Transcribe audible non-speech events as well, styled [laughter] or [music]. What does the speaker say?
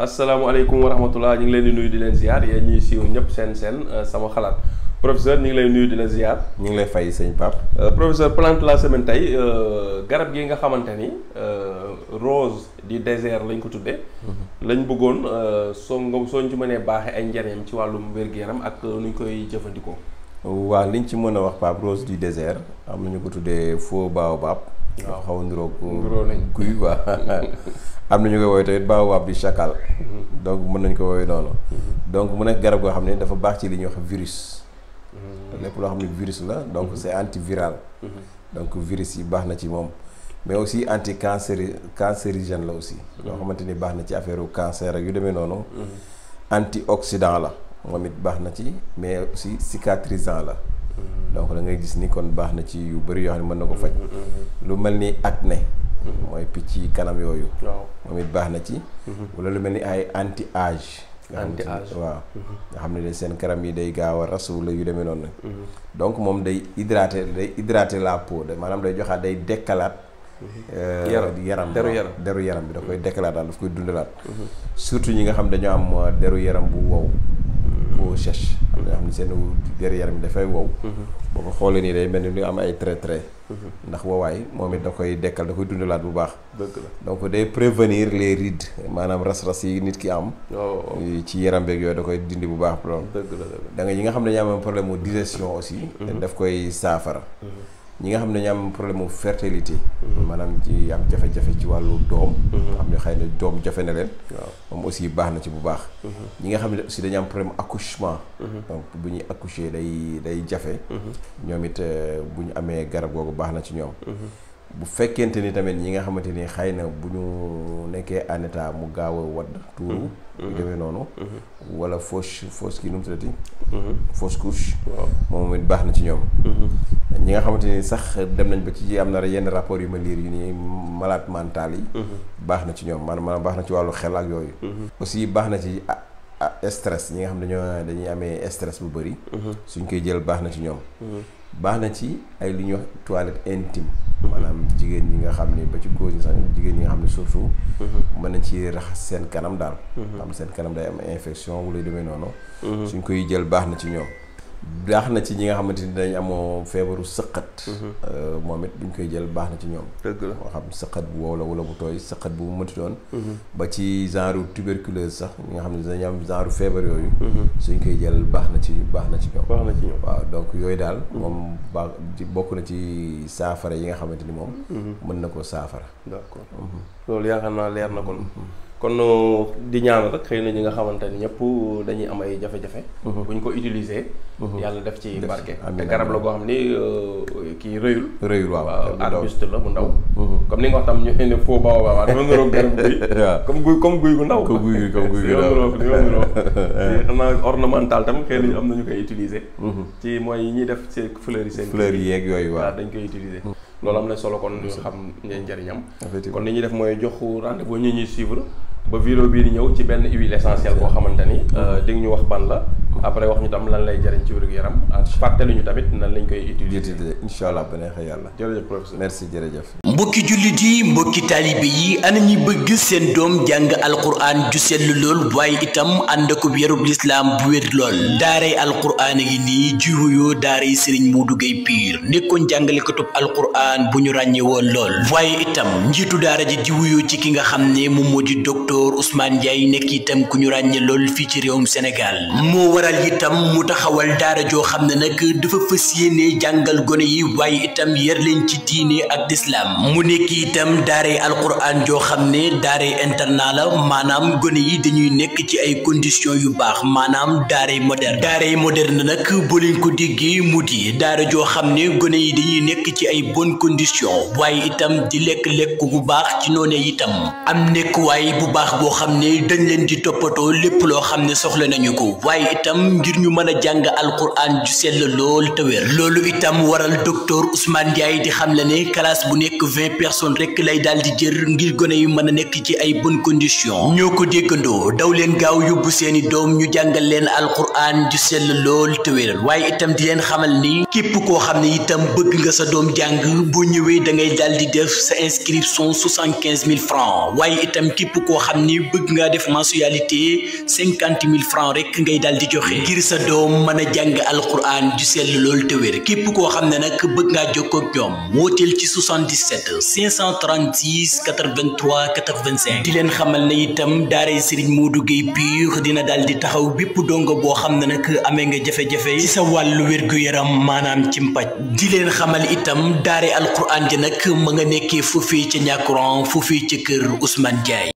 Assalamualaikum warahmatullahi wabarakatuh. ñu ngi leen di nuyu di leen ziar ya. ñuy siiw ñëpp sen sen euh, sama xalaat professeur ñu ngi nuyu di la ziar. ñu ngi fay sëñ Pape. Euh, professeur plante la semaine tey euh, garab gi nga xamante rose di désert lañ ko tuddee. Mhm. lañ bëggoon soo nga soo ñu ci mënee baaxee ay njariñam ci wàllum wér-gu-yaram ak nuñ koy jëfandikoo. waaw liñ ci mën wax Pape rose du désert am nañu ko tuddee faux baobab waaw xaw a niroog. niroog nañ [laughs] kuy waa [laughs] am na ñu koy woowee tamit baobab di chacal. Mm-hmm. donc mën nañ ko woowee noonu. Mm-hmm. donc mu nekk garab goo xam ne dafa baax ci li ñuy wax virus. Mm-hmm. lépp loo xam ne virus la donc c'est antiviral. donc virus yi baax na ci moom. mais aussi anti cancéri cancérigène la aussi. loo xamante ni baax na ci affaire cancer ak yu demee noonu. antioxydant la moom it baax na ci mais aussi cicatrisant la. donc da ngay gis ni kon baax na ci yu bëri yoo xam ne mën na ko faj. lu mel ni acné mooy picc yi kanam yooyu. moom it baax na ci. Mhm. walla lu mel ni ay anti age anti âge waaw. nga xam ne seen karam yi day gaaw a ras wala yu demee noonu. Mhm. donc moom day hydrater day hydrater la da maanaam day joxaat day dekkalaat. Mhm. Euh, yaram yaram deru yaram deru yaram bi da koy dekkalaat daal daf koy dundalaat. surtout ñi nga xam dañoo am euh, deru yaram bu wow. peau sèche am na ñoo xam ne seen der yaram mi dafay wow mhm. boo ko xoolee nii day mel ni lu am ay trait trait mhm. ndax wawaay moom it da koy dekkal da koy dundalaat bu baax dëgg la donc day prévenir les rides maanaam ras-ras yi nit ki am oh, oh, oh. ci yaram beeg yooyu da koy dindi bu baax lool dëgg la da yi nga xam ne dañu am problème mu digestion aussi mhm. daf koy saafara ñi nga xam ne dañu am problème mu fertilité. maanaam ci am jafe-jafe ci wàllu doom. am ne xëy na doom jafe na leen. moom aussi baax na ci bu baax. ñi nga xam ne aussi dañu am problème accouchement. Mhm. donc bu ñuy accoucher day day jafe. Mhm. ñoom it euh, bu ñu amee garab googu baax na ci ñoom. Mhm. bu fekkente ni tamit ñi nga xamante ni xay na bu ñu nekkee en état mu gaaw a wadd tuuru bu demee noonu wala fausse fausse kii nu mu tuddati fausse couche moom it baax na ci ñoom ñi nga xamante ni sax dem nañ ba ci am na yenn rapport yu ma liir yu ni malade mental yi. Mhm. baax na ci ñoom maanaam baax na ci wàllu xel yooyu. Mhm. aussi baax na ci ah, ah, stress ñi nga xam dañoo dañuy amee stress bu bëri. Mhm. suñ koy jël baax na ci ñoom. baax na ci ay lu ñuy wax toilette intime. maanaam jigéen ñi nga xam ne ba ci góor yi sax jigéen ñi nga xam ne surtout. mën nañ ci raxas seen kanam daal. xam seen kanam day am infection wala yu demee noonu. suñ koy jël baax na ci ñoom. baax na ci ñi nga xamante ni dañ amoo feebaru sëqat mhm. euh, moom it buñ koy jël baax na ci ñoom dëgg la moo xam sëqat bu wow la wala bu tooy sëqat bu mu mënti doon mhm. ba ci genre tuberculose sax ñi nga xam ne dañu am genre feebar yooyu mhm. suñ koy jël baax na ci baax na ci ñoom baax na ci ñoom waaw donc yooyu daal moom baax bokk na ci saafara yi nga xamante ni moom mën na ko saafara d'accord loolu yaakaar naa leer na kon kon di ñaan rek xëy na ñi nga xamante ni dañuy am ay jafe-jafe. Mhm. bu ñu ko utiliser. Mhm. yàlla def ci barke. te garab la goo xam ni euh, kii rëyul. rëyul waaw euh, arbuste la bu ndaw. Mhm. comme ni nga wax tam ñu indi faux baw waaw dafa ngëroo garab guy. [laughs] comme guy comme guy gu ndaw. comme guy gu comme guy gu ndaw si yoo ngëroo xam ornemental tam xëy na am na koy utiliser. ci mooy yi def ci fleurs yi seen. fleurs yi waaw dañ koy utiliser. loolu am solo kon ñu xam njëriñam. effectivement kon li ñuy def mooy jox rendez-vous ñi ñuy suivre. ba vidéo bii di ñëw ci benn huile essentielle boo xamante ni euh, di nga ñu wax ban la après wax ñu tam lan lay jëriñ ci wér yaram. fàttali ñu tamit nan lañ koy utiliser. incha allah ba neexee yàlla. jërëjëf professeur merci jërëjëf. mbokki jullit yi mbokki taalibe yi ana ñi bëgg seen doom jàng alquran ju sell lool waaye itam ànd ak yarub lislaam bu wér lool. daaray alquran yi nii ji wuyoo daaray Serigne Modou Gueye Pire nekkoon jàngalekatub alquran bu ñu ràññee woon lool. waaye itam njiitu daara ji ji wuyoo ci ki nga xam ne moom moo di docteur Ousmane Ndiaye nekk itam ku ñu ràññee lool fii ci réewum Sénégal moo waral Sénégal itam mu taxawal daara joo xam ne nag dafa fas yéene jàngal gone yi waaye itam yar leen ci diine ak dislaam mu nekk itam daaray alquran joo xam ne daaray internat la maanaam gone yi dañuy nekk ci ay conditions yu baax maanaam yi daaray moderne daaray moderne nag boo leen ko déggee mu di daara joo xam ne gone yi dañuy nekk ci ay bonnes conditions waaye itam di lekk-lekk bu baax ci noonee itam am nekk waaye bu baax boo xam ne dañ leen di toppatoo lépp loo xam ne soxla nañu ko itam ngir ñu mën a jàng alquran ju sell lool te wér loolu itam waral docteur Ousmane Ndiaye di xam la ne classe bu nekk 20 personnes rek lay daal di jër ngir gone yi mën a nekk ci ay bonne condition ñoo ko déggandoo daw leen gaaw yóbbu seeni doom ñu jàngal leen alquran ju sell lool te wér waaye itam di leen xamal ni képp koo xam ne itam bëgg nga sa doom jàng boo ñëwee da ngay daal di def sa inscription 75 francs waaye itam képp koo xam bëgg nga def mensualité 50 francs rek ngay daal di ngir sa doom mën al jàng alquran ju sell lool te wér képp koo xam ne nag bëgg ngaa jokkoo ñoom wóoteel ci 77 536 83 85 di leen xamal ne itam daare Serigne Modou Gueye Pire dina daal di taxaw bépp dongo boo xam ne nag amee nga jafe-jafe ci sa wàllu wér yaram maanaam ci mpaj di leen xamal itam daare alquran ji nag ma nga nekkee foofii ca ñàkkuran foofii ca kër Ousmane Diaye